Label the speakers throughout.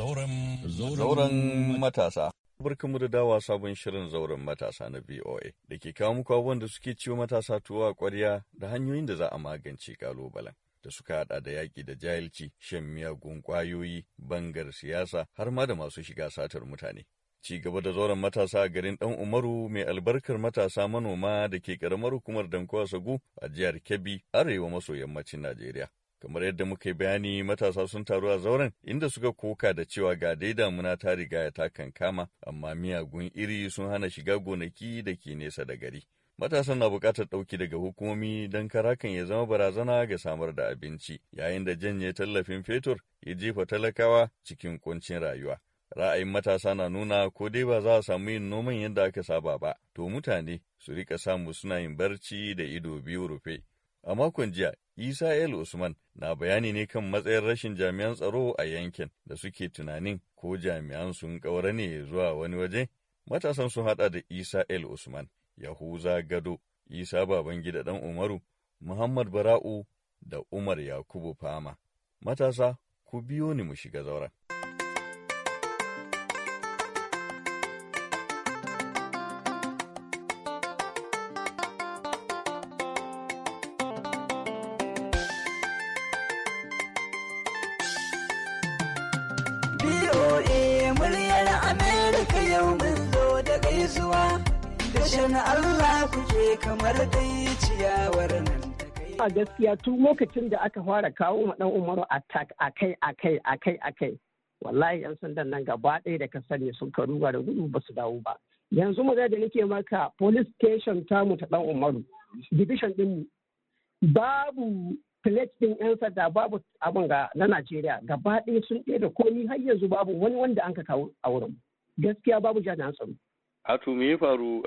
Speaker 1: Zauren matasa. Barkanmu da dawa sabon shirin zauren matasa na BOA da ke kawo muku abubuwan da suke ciwo matasa tuwa a ƙwarya da hanyoyin da za a magance kalubalen. Da suka haɗa da yaƙi da jahilci, shan miyagun ƙwayoyi, bangar siyasa, har ma da masu shiga satar mutane. Ci gaba da zauren matasa a garin ɗan Umaru mai albarkar matasa manoma da ke ƙaramar hukumar Dankowa Sagu a jihar Kebbi, arewa maso yammacin Najeriya. Kamar yadda muka yi bayani matasa sun taru a zauren inda suka koka da cewa ga dai damuna ta riga ya ta kankama amma miyagun iri sun hana shiga gonaki da ke nesa da gari. Matasan na bukatar ɗauki daga hukumomi don karakan ya zama barazana ga samar da abinci, yayin da janye tallafin fetur ya jefa talakawa cikin kuncin rayuwa. Ra'ayin matasa na nuna ko dai ba za a samu yin noman yadda aka saba ba, to mutane su rika samu suna yin barci da ido biyu rufe, A makon jiya, Isa El Usman na bayani ne kan matsayin rashin jami'an tsaro a yankin da suke tunanin ko jami'an sun ƙaura ne zuwa wani waje. Matasan sun haɗa da Isa El Usman, Yahuza Gado, Isa Babangida ɗan Umaru, Muhammad Bara'u da Umar Yakubu Fama. Matasa, ku biyo ni mu shiga zauren. Amerika yau mun zo da
Speaker 2: gaisuwa da shan Allah ku je kamar dai ciyawar nan. A gaskiya tun lokacin da aka fara kawo ma dan Umaru attack akai akai akai akai. Wallahi 'yan sandan nan gaba ɗaya da ka sani sun karuwa da gudu ba su dawo ba. yanzu magana da nake maka police station tamu ta dan umaru division din babu plate din yan sanda babu abin ga na Najeriya gaba ɗaya sun ɗaya da komi har yanzu babu wani wanda an ka kawo a wurin gaskiya babu jami'an tsaro.
Speaker 1: A to me ya faru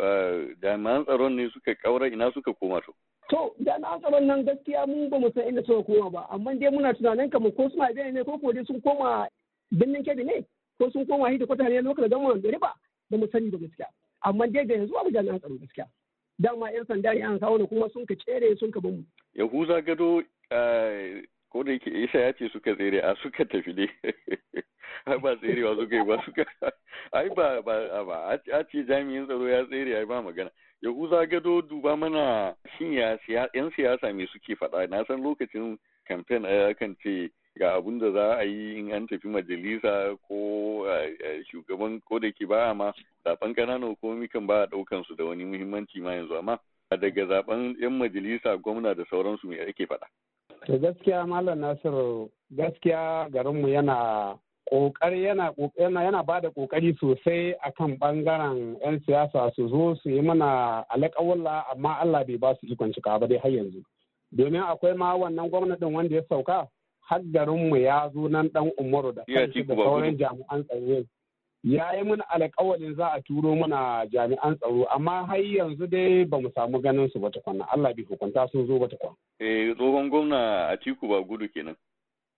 Speaker 1: jami'an tsaron ne suka kaura ina suka koma to?
Speaker 2: To jami'an tsaron nan gaskiya mu ba mu san inda suka koma ba amma dai muna tunanin kamar ko suna biya ne ko ko dai sun koma birnin kebe ne ko sun koma hidda kwata ne lokacin da mu riba da mu sani da gaskiya amma dai ga yanzu babu jami'an tsaro gaskiya. dama 'yan sanda ne an kawo kuma sun ka cere sun ka bamu.
Speaker 1: Yahuza Gado ko da yake isa ya ce suka tsere a suka tafi ne ai ba tserewa suka yi ba suka ai ba ba ba a ce jami'in tsaro ya tsere ai ba magana yahuza gado duba mana shin yan siyasa me suke faɗa na san lokacin kamfen eh, a kan ce ga abun da za a yi in an tafi majalisa ko eh, eh, shugaban ko da ke ba ma zaben ƙananan hukumomi kan ba a ɗaukan su da wani muhimmanci ma yanzu amma daga zaben yan majalisa gwamna da sauransu me ake faɗa
Speaker 3: To gaskiya Malam Nasiru gaskiya garinmu yana kokari yana yana ba da kokari sosai akan bangaren 'yan siyasa su zo su yi mana alƙawalla amma Allah bai ba su ikon cika ba dai har yanzu. Domin akwai ma wannan gwamnatin wanda ya sauka har garinmu ya zo nan dan umaru da kanshi da sauran jami'an tsaro ya yi mana alƙawarin za a turo mana jami'an tsaro amma har yanzu dai ba mu samu ganin su ba tukwanna Allah bai hukunta sun zo ba tukwan.
Speaker 1: Eh tsohon gwamna a Tiku ba gudu kenan.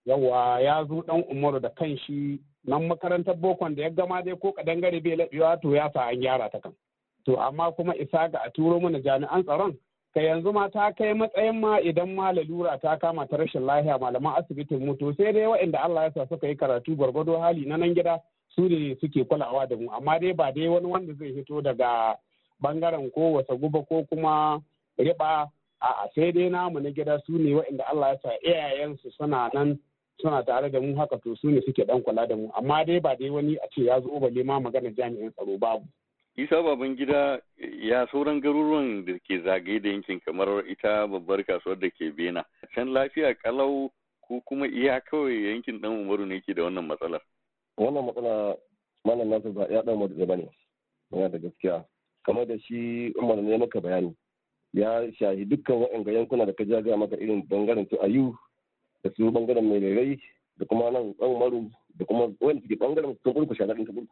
Speaker 3: Yawwa ya zo dan Umaru da kanshi. nan makarantar bokon da ya gama dai ko kadan kadangare bai laɓewa to ya sa an gyara ta kan. To amma kuma isa ga a turo mana jami'an tsaron ka yanzu ma ta kai matsayin ma idan ma lalura ta kama ta rashin lahiya malaman asibitin mu to sai dai waɗanda Allah ya sa suka yi karatu gwargwado hali na nan gida su ne suke kulawa da mu amma dai ba dai wani wanda zai fito daga bangaren ko wasa guba ko kuma riba a sai dai namu na gida su ne waɗanda Allah ya sa iyayensu suna nan suna tare da mu haka to su ne suke dan kula da mu amma dai ba dai wani a ce ya zo ba ma magana jami'in tsaro babu
Speaker 1: isa baban gida ya sauran garuruwan da ke zagaye da yankin kamar ita babbar kasuwar da ke bena can lafiya kalau ko kuma iya kawai yankin dan umaru ne ke da wannan matsalar
Speaker 4: wannan matsala malam nasir ba ya dan wadda bane
Speaker 1: yana da gaskiya
Speaker 4: kamar da shi umar ne maka bayani ya shahi dukkan waɗanda yankuna da ka jaga maka irin bangaren su ayu da su bangaren mai rairai da kuma nan ɗan maru da kuma wani suke bangaren su burku shanar ɗin burku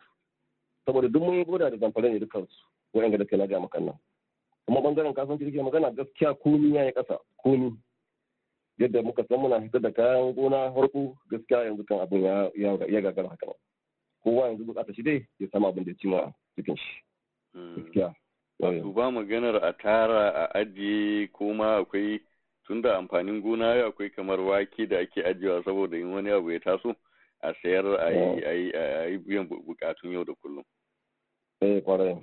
Speaker 4: saboda duk mun goda da zamfara ne dukkan su waɗanda da ka jaga maka nan kuma bangaren kasuwanci suke magana gaskiya komi ya yi ƙasa komi yadda muka san muna fitar da kayan gona harku. gaskiya yanzu kan abin ya gagara haka ba kowa yanzu bukata shi dai ya samu abin da ya cima cikin shi hmm. gaskiya wato
Speaker 1: ba maganar a tara a ajiye kuma akwai tun da amfanin gona akwai kamar wake da ake ajiyewa saboda in wani abu ya taso a sayar a yi biyan bukatun yau da kullum
Speaker 4: eh kwarai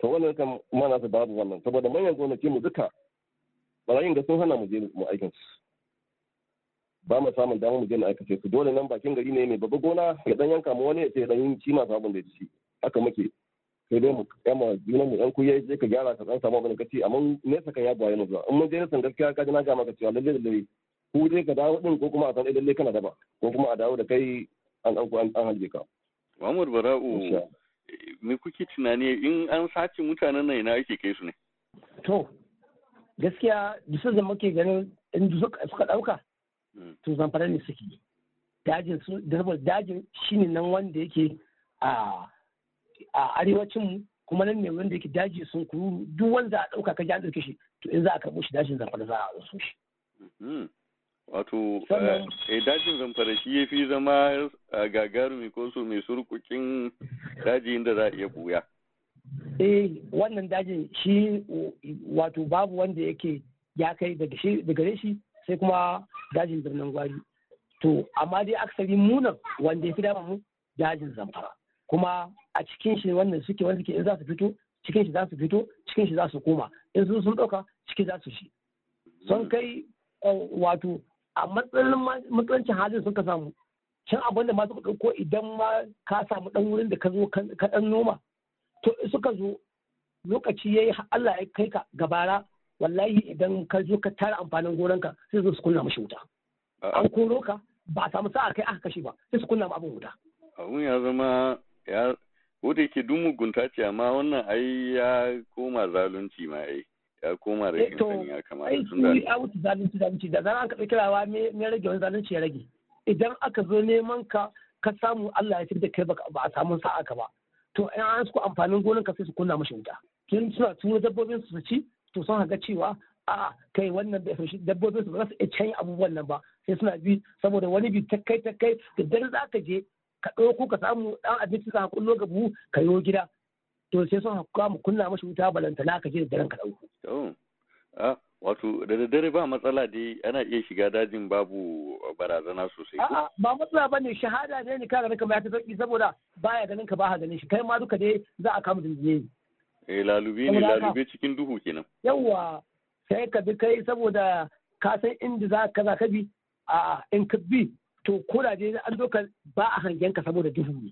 Speaker 4: to wannan kan mana
Speaker 1: su babu wannan
Speaker 4: saboda manyan gonaki mu
Speaker 1: duka barayin
Speaker 4: da sun hana mu je mu aikin su ba mu samun damar mu je mu aikace su dole nan bakin gari ne mai babu gona ya dan yanka mu wani ya ce dan yin shi masu abin da ya ci haka muke sai dai mu kama junan mu yan kuya je ka gyara ka san samu abin da kace amma ne saka ya bayan mu zuwa in mun je san gaskiya ka ji na ga maka cewa lalle lalle ku dai ka dawo din ko kuma a san eh, lalle kana daba ko kuma a dawo da kai
Speaker 1: an dauko an halje ka Muhammad Bara'u me kuke tunani in an sace mutanen nan ina yake kai su ne
Speaker 2: to gaskiya dusar da muke ganin in suka ɗauka hmm. to zamfara ne suke dajin su darbar dajin shine nan wanda yake a arewacin kuma nan ne wanda yake daji sun kuru duk wanda a ɗauka kaji an dauke shi to in za a karɓo shi dajin zamfara za a ɗauko shi.
Speaker 1: Hmm. Wato, eh, eh dajin zamfara shi ya fi zama eh, gagarumi ko su mai surkukin daji inda za a iya buya.
Speaker 2: eh wannan dajin shi wato babu wanda yake ya kai daga shi shi sai kuma dajin birnin gwari to amma dai aksari munan wanda ya fi dama mu dajin zamfara kuma a cikin shi wannan suke wanda suke in za su fito cikin shi za su fito cikin shi za su koma in sun sun ɗauka ciki za su shi sun kai eh, wato a matsalancin halin sun ka samu cin abin da ma suka ɗauko idan ma ka samu ɗan wurin da ka zo ka ɗan noma to suka zo lokaci yayi Allah ya kai ka gabara wallahi idan ka zo ka tara amfanin gonanka sai zo su kunna mashi wuta an koro ka ba a samu sa'a kai aka kashe ba sai su kunna abin wuta
Speaker 1: abun ya zama ya ko da yake duk mugunta ce amma wannan ai ya koma zalunci ma ai ya koma eh, rage sani ya kamata tun da ya
Speaker 2: wuce zalunci zalunci da zan an kaɗa kirawa me rage wani zalunci ya rage idan aka zo neman ka ka samu Allah ya da kai ba a samu sa'a ka ba to in an su amfanin gonan ka sai su kunna mashi wuta tun suna tura dabbobin su ci to sun haga cewa a kai wannan bai dabbobin su ba za su iya can abubuwan nan ba sai suna bi saboda wani bi ta kai ta kai da dare za ka je ka ɗauko ka samu ɗan abinci ka kullo ga buhu ka yi gida to sai sun haka mu kunna mashi wuta balantana ka je da daren ka
Speaker 1: ɗauko. wato da daddare ba matsala dai ana iya shiga dajin babu barazana sosai. A'a
Speaker 2: ba matsala bane shahada ne ne kaga kamar ya ta sauki saboda baya ganin ka ba ganin shi kai ma duka dai za a kama dindine.
Speaker 1: Eh lalube ne lalube cikin duhu kenan.
Speaker 2: Yawwa sai ka bi kai saboda ka san inda za ka za ka bi a in ka bi to kuraje an zo ka ba a hangen ka saboda duhu ne.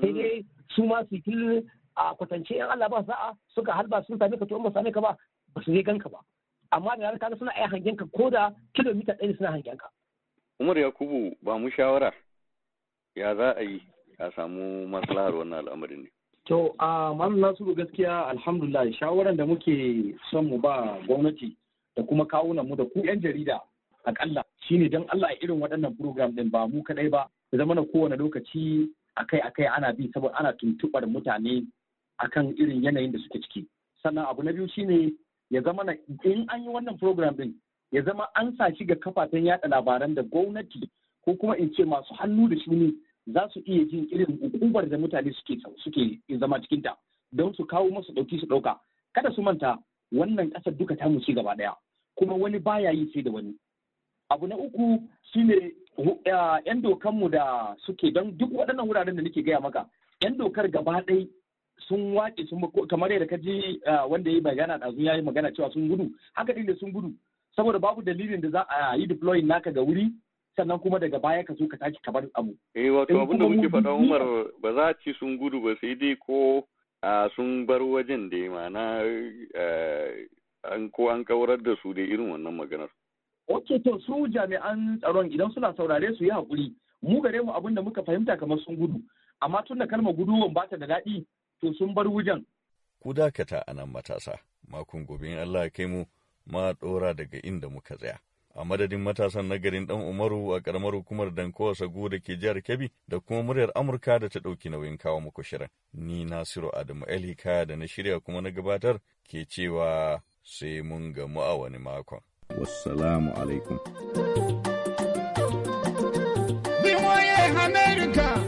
Speaker 2: Sai mm. dai su ma su kin a kwatance in Allah ba sa'a suka halba sun same ka to in ba same ka ba ba su gan ka ba amma da ranar kaga suna iya hangen ka ko da kilomita ɗaya suna hangen ka
Speaker 1: Umar Yakubu ba mu shawara ya za a yi a samu maslahar wannan al'amarin ne.
Speaker 2: To a Malam Nasiru
Speaker 5: gaskiya alhamdulillah shawaran da muke son mu ba gwamnati da kuma kawunan mu da ku 'yan jarida akalla shine don Allah a irin waɗannan program din ba mu kaɗai ba ya zama na kowane lokaci akai-akai ana bi saboda ana tuntuɓar mutane akan irin yanayin da suke ciki sannan abu na biyu shine ya zama na in an yi wannan program ɗin. ya zama an sa shi ga kafafen yada labaran da gwamnati ko kuma in ce masu hannu da shuni za su iya jin irin hukumar da mutane suke zama cikin ta don su kawo masu dauki su ɗauka. kada su manta wannan kasar duka ta ci gaba daya kuma wani baya yi sai da wani abu na uku shine yan mu da suke don duk waɗannan wuraren da nake gaya maka yan dokar gaba ɗaya sun wace sun kamar yadda ka ji eh, wanda ya yi magana ɗazu ya yi magana cewa sun gudu haka ɗin da sun gudu saboda babu dalilin da za a yi deploying naka ga wuri sannan kuma daga baya ka zo ka tashi ka bar abu.
Speaker 1: Eh wato abin da muke faɗa Umar ba za ci sun gudu ba sai dai ko sun bar wajen da ma'ana an ko an kaurar da su dai irin wannan maganar.
Speaker 5: Ok to su jami'an tsaron idan suna saurare su yi haƙuri mu gare mu abin da muka fahimta kamar sun gudu amma tun da kalmar gudu ba ta da daɗi to sun bar wujen.
Speaker 1: Ku dakata a nan matasa makon gobe in Allah ya kai mu. ma ɗora daga inda muka tsaya. A madadin matasan nagarin ɗan Umaru a ƙaramar hukumar Dankowa Sago da ke jihar Kebbi da kuma muryar Amurka da ta ɗauki nauyin kawo muku shirin. Ni Nasiru Adamu Elhika da na shirya kuma na gabatar ke cewa sai mun gamu a wani makon. Wassalamu alaikum.
Speaker 3: America.